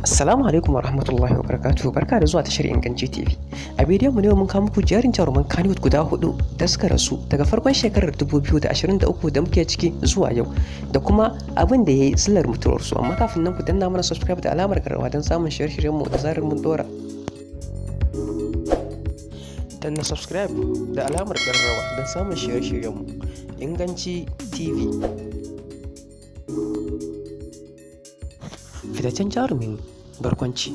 Assalamu alaikum warahmatullahi wabarakatuh barka da zuwa tashar inganci TV. A bidiyon mu ne mun kawo muku jerin jaruman Kannywood guda hudu da suka rasu daga farkon shekarar 2023 da muke ciki zuwa yau da kuma abin da yayi sillar mutuwar su amma kafin nan ku danna mana subscribe da alamar karawa don samun shirye-shiryen mu da zarar mun dora. Danna subscribe da alamar karawa don samun shirye-shiryen mu. Inganci TV. fitaccen jarumin barkwanci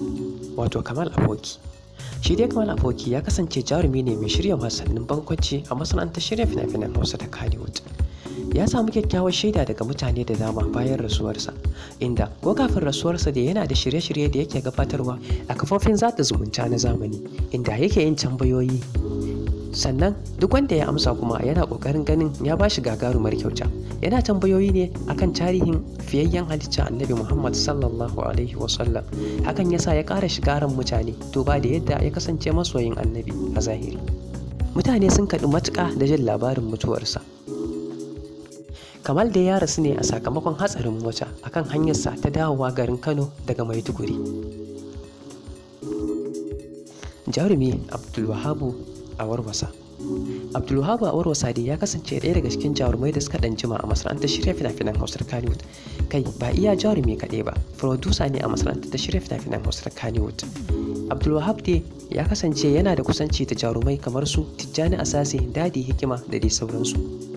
wato kamal aboki shi dai kamal aboki ya kasance jarumi ne mai shirya wasannin barkwanci a masana'antar shirya fina-finan hausa ta kaliwood ya samu kyakkyawar shaida daga mutane da dama bayan rasuwarsa inda ko kafin rasuwarsa da yana da shirye-shirye da yake gabatarwa a kafofin zata zumunta na zamani inda yake yin tambayoyi sannan duk wanda ya amsa kuma yana kokarin ganin ya ba shi gagarumar kyauta yana tambayoyi ne akan tarihin fiyayyen halitta annabi muhammad sallallahu alaihi wasallam hakan yasa ya kara shiga ran mutane duba da yadda ya kasance masoyin annabi a zahiri mutane sun kaɗu matuƙa da jin labarin mutuwarsa kamal da ya rasu ne a sakamakon hatsarin mota akan hanyarsa ta dawowa garin kano daga maiduguri jarumi abdulwahabu a warwasa abdulwahab a warwasa dai ya kasance ɗaya daga cikin jarumai da suka ɗanjima jima a masana'antar shirya fina-finan hausar kanewood kai ba iya jarumi kaɗai ba furodusa ne a masana'antar ta shirya fina-finan hausar kanewood abdulwahab dai ya kasance yana da kusanci da jarumai kamar su tijjani asasi dadi hikima da dai sauransu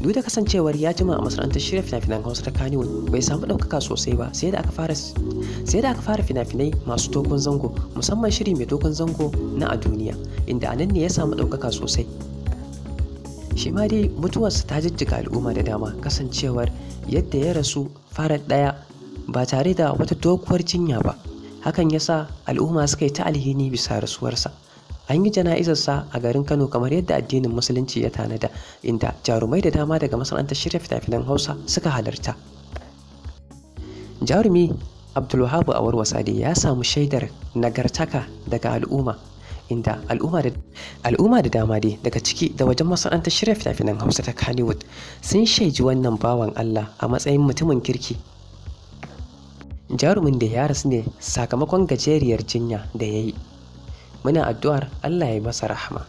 duk da kasancewar ya jima a masana'antar shirya fina-finan hausa ta bai samu ɗaukaka sosai ba sai da aka fara sai da aka fara fina-finai masu dogon zango musamman shiri mai dogon zango na a duniya inda a nan ne ya samu ɗaukaka sosai shi ma dai mutuwarsa ta jijjiga al'umma da dama kasancewar yadda ya rasu farar ɗaya ba tare da wata dokuwar jinya ba hakan yasa al'umma suka yi ta alhini bisa rasuwarsa an yi jana'izarsa a garin kano kamar yadda addinin musulunci ya tanada inda jarumai da dama daga masana'antar shirya fina hausa suka halarta jarumi abdulwahabu awar wasadi ya samu shaidar nagartaka daga al'umma inda al'umma da dama dai daga ciki da wajen masana'antar shirya fina hausa ta kannywood sun shaiji wannan bawan allah a matsayin mutumin kirki jarumin da ya rasu ne sakamakon gajeriyar jinya da ya yi muna addu'ar Allah ya yi masa rahama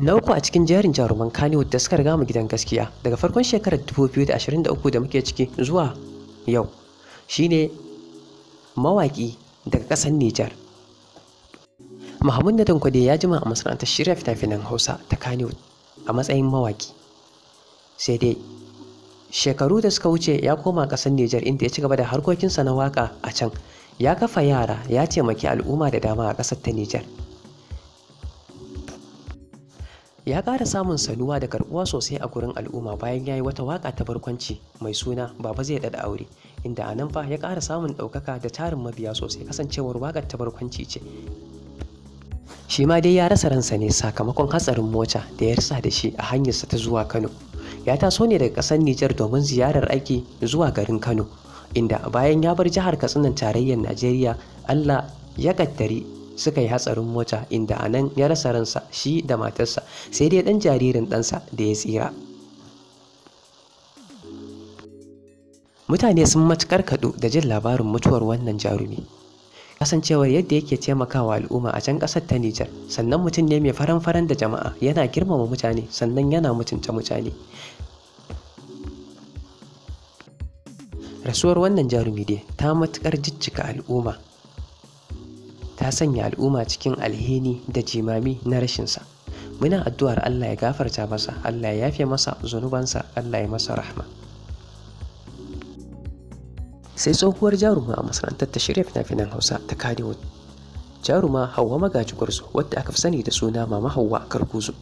na uku a cikin jerin jaruman Kannywood da suka riga mu gidan gaskiya daga farkon shekarar 2023 da muke ciki zuwa yau shine mawaƙi daga ƙasar Nijar Muhammad Nadan Kwade ya jima a masana'antar shirya fitafinan Hausa ta Kannywood a matsayin mawaƙi sai dai shekaru da suka wuce ya koma ƙasar Nijar inda ya ci gaba da harkokinsa na waka a can ya kafa yara ya taimaki al'umma da dama a ƙasar ta Nijar. Ya ƙara samun saluwa da karɓuwa sosai a gurin al'umma bayan ya yi wata waƙa ta barkwanci mai suna Baba zai ɗaɗa aure, inda a nan fa ya ƙara samun ɗaukaka da tarin mabiya sosai kasancewar waƙar ta barkwanci ce. Shi ma dai ya rasa ransa ne sakamakon hatsarin mota da ya rasa da shi a hanyarsa ta zuwa Kano. Ya taso ne daga ƙasar Nijar domin ziyarar aiki zuwa garin Kano. inda bayan ya bar jihar katsinan tarayyar najeriya allah ya kattari suka yi hatsarin mota inda a nan ya rasa ransa shi da matarsa sai dai ɗan jaririn ɗansa da ya tsira mutane sun matukar kaɗu da jin labarin mutuwar wannan jarumi kasancewar yadda yake taimakawa al'umma a can ƙasar ta Nijar sannan mutum ne mai faran-faran da jama'a yana girmama mutane sannan yana mutunta mutane rasuwar wannan jarumi dai ta matuƙar jijjika al'umma ta sanya al'umma cikin alheni da jimami na rashinsa muna addu'ar allah ya gafarta masa allah ya yafe masa zunubansa allah ya masa rahma sai tsohuwar jaruma a masana'antar ta shirya fina-finan hausa ta kanewood jaruma Hauwa magaji gwarzo wadda aka fi sani da suna mama Hauwa karkuzo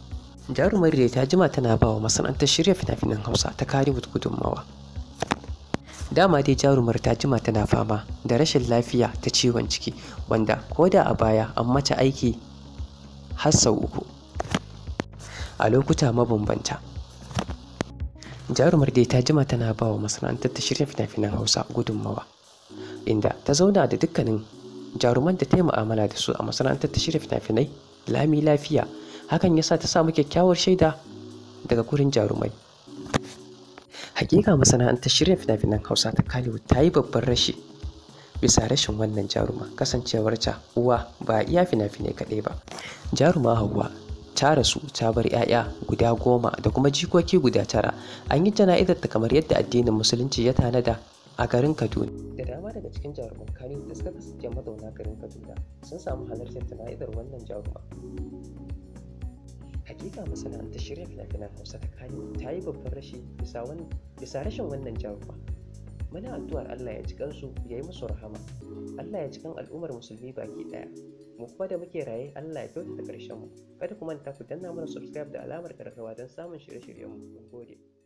jarumar da ta jima tana ba wa masana'antar shirya fina-finan hausa ta kanewood gudunmawa dama dai jarumar ta jima tana fama da rashin lafiya ta ciwon ciki wanda ko da a baya an mata aiki har sau uku a lokuta mabambanta jarumar dai ta jima tana ba wa masana'antar ta shirya fina-finan hausa gudunmawa inda ta zauna da dukkanin jaruman da ta yi mu'amala da su a masana'antar ta shirya fina-finai lami lafiya hakan ya sa ta samu kyakkyawar shaida daga gurin jarumai Hakika masana'antar shirya fina-finan Hausa ta kaliwu ta yi babban rashi bisa rashin wannan jaruma kasancewar ta uwa ba iya fina-finai kaɗai ba. Jaruma Hauwa ta rasu ta bar 'ya'ya guda goma da kuma jikoki guda tara an yi jana'izar ta kamar yadda addinin musulunci ya tanada a garin Kaduna. Da dama daga cikin jaruman Kano da suka kasance mazauna garin Kaduna sun samu halartar jana'izar wannan jaruma. hakika masana'antar shirya fina-finan hausa ta kani ta yi babban rashi bisa rashin wannan jarumma muna addu'ar allah ya ci kansu ya yi musu rahama allah ya ci kan al'ummar musulmi baki daya mu kuma da muke raye allah ya kyautata karshen mu kada ku manta ku danna mana subscribe da alamar karkarwa don samun shirye-shiryen mu gode